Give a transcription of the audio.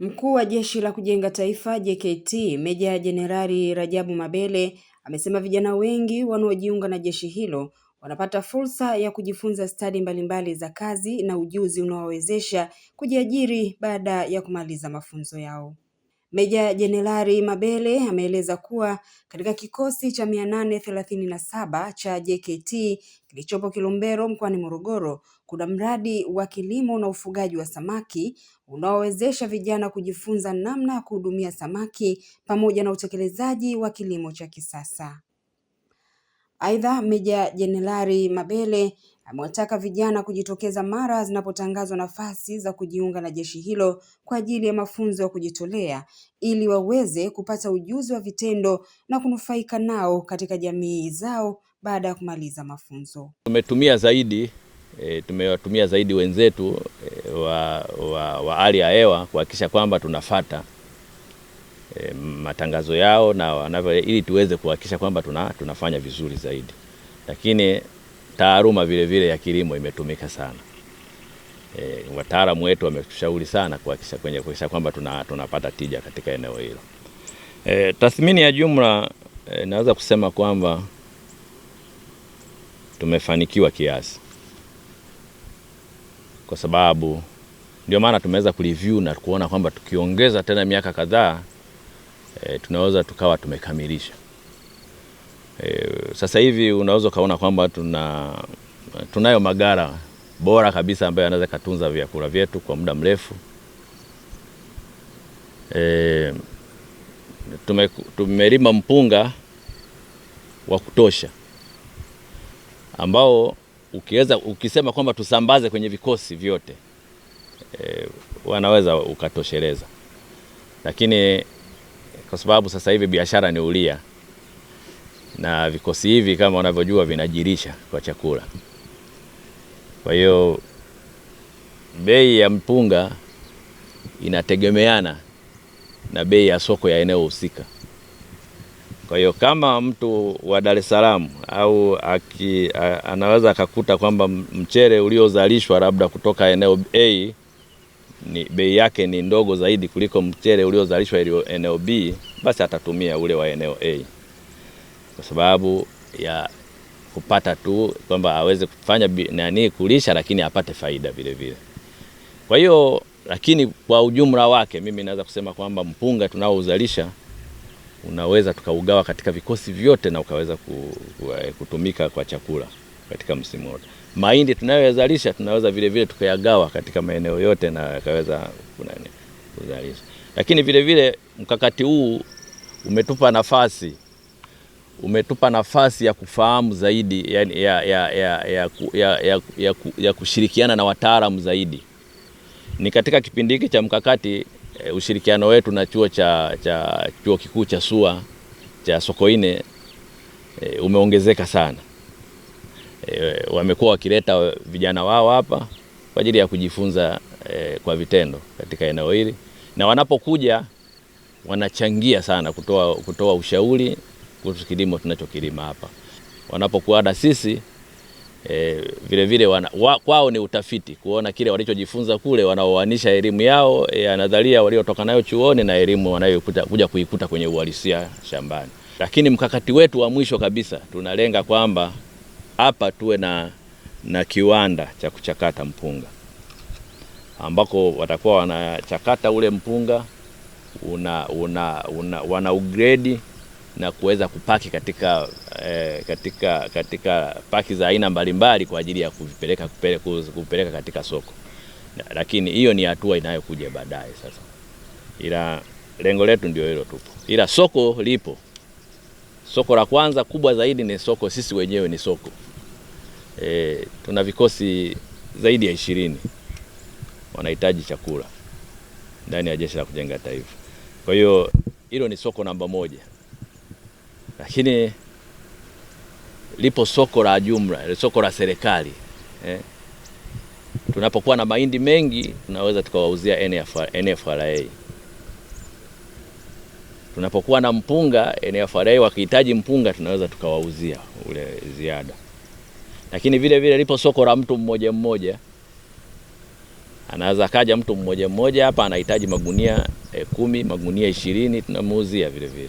Mkuu wa Jeshi la Kujenga Taifa JKT Meja Jenerali Rajabu Mabele amesema vijana wengi wanaojiunga na jeshi hilo wanapata fursa ya kujifunza stadi mbalimbali za kazi na ujuzi unaowawezesha kujiajiri baada ya kumaliza mafunzo yao. Meja Jenerali Mabele ameeleza kuwa katika kikosi cha mia nane thelathini na saba cha JKT kilichopo Kilombero mkoani Morogoro kuna mradi wa kilimo na ufugaji wa samaki unaowezesha vijana kujifunza namna ya kuhudumia samaki pamoja na utekelezaji wa kilimo cha kisasa. Aidha, Meja Jenerali Mabele amewataka vijana kujitokeza mara zinapotangazwa nafasi za kujiunga na jeshi hilo kwa ajili ya mafunzo ya kujitolea ili waweze kupata ujuzi wa vitendo na kunufaika nao katika jamii zao baada ya kumaliza mafunzo. Tumetumia zaidi e, tumewatumia zaidi wenzetu e, wa, wa, wa hali ya hewa kuhakikisha kwamba tunafata e, matangazo yao na wanavyo, ili tuweze kuhakikisha kwamba tuna, tunafanya vizuri zaidi lakini taaluma vile vile ya kilimo imetumika sana. E, wataalamu wetu wametushauri sana kuhakikisha kwenye kuhakikisha kwamba tuna, tunapata tija katika eneo hilo. E, tathmini ya jumla e, naweza kusema kwamba tumefanikiwa kiasi, kwa sababu ndio maana tumeweza kureview na kuona kwamba tukiongeza tena miaka kadhaa e, tunaweza tukawa tumekamilisha. E, sasa hivi unaweza ukaona kwamba tuna tunayo magara bora kabisa ambayo yanaweza katunza vyakula vyetu kwa muda mrefu. E, tume, tumelima mpunga wa kutosha ambao ukiweza ukisema kwamba tusambaze kwenye vikosi vyote e, wanaweza ukatosheleza, lakini kwa sababu sasa hivi biashara ni ulia na vikosi hivi kama unavyojua vinajirisha kwa chakula. Kwa hiyo bei ya mpunga inategemeana na bei ya soko ya eneo husika. Kwa hiyo kama mtu wa Dar es Salaam au aki, a, anaweza akakuta kwamba mchele uliozalishwa labda kutoka eneo A ni bei yake ni ndogo zaidi kuliko mchele uliozalishwa eneo B, basi atatumia ule wa eneo A kwa sababu ya kupata tu kwamba aweze kufanya nani kulisha, lakini apate faida vile vile. Kwa hiyo lakini kwa ujumla wake mimi naweza kusema kwamba mpunga tunaouzalisha unaweza tukaugawa katika vikosi vyote na ukaweza kutumika kwa chakula katika msimu wote. Mahindi tunayoyazalisha tunaweza vile vile tukayagawa katika maeneo yote na yakaweza kuzalisha, lakini vile vile mkakati huu umetupa nafasi umetupa nafasi ya kufahamu zaidi ya, ya, ya, ya, ya, ya, ya, ya, ya kushirikiana na wataalamu zaidi. Ni katika kipindi hiki cha mkakati e, ushirikiano wetu na chuo cha, cha chuo kikuu cha SUA cha Sokoine e, umeongezeka sana. E, wamekuwa wakileta vijana wao hapa kwa ajili ya kujifunza e, kwa vitendo katika eneo hili, na wanapokuja wanachangia sana kutoa, kutoa ushauri kuhusu kilimo tunachokilima hapa. Wanapokuwa na sisi e, vile vile wana, wa, kwao ni utafiti kuona kile walichojifunza kule, wanaoanisha elimu yao ya e, nadharia waliotoka nayo chuoni na elimu wanayokuja kuja kuikuta kwenye uhalisia shambani. Lakini mkakati wetu wa mwisho kabisa tunalenga kwamba hapa tuwe na, na kiwanda cha kuchakata mpunga ambako watakuwa wanachakata ule mpunga una, una, una, wana ugredi na kuweza kupaki katika, eh, katika, katika paki za aina mbalimbali kwa ajili ya kuvipeleka kupeleka katika soko na, lakini hiyo ni hatua inayokuja baadaye sasa, ila lengo letu ndio hilo tupo, ila soko lipo. Soko la kwanza kubwa zaidi ni soko, sisi wenyewe ni soko e, tuna vikosi zaidi ya ishirini wanahitaji chakula ndani ya Jeshi la Kujenga Taifa. Kwa hiyo hilo ni soko namba moja lakini lipo soko la jumla, soko la serikali eh. Tunapokuwa na mahindi mengi tunaweza tukawauzia NFRA. Tunapokuwa na mpunga NFRA wakihitaji mpunga tunaweza tukawauzia ule ziada, lakini vile vile lipo soko la mtu mmoja mmoja. Anaweza kaja mtu mmoja mmoja hapa anahitaji magunia eh, kumi, magunia ishirini tunamuuzia vile vile.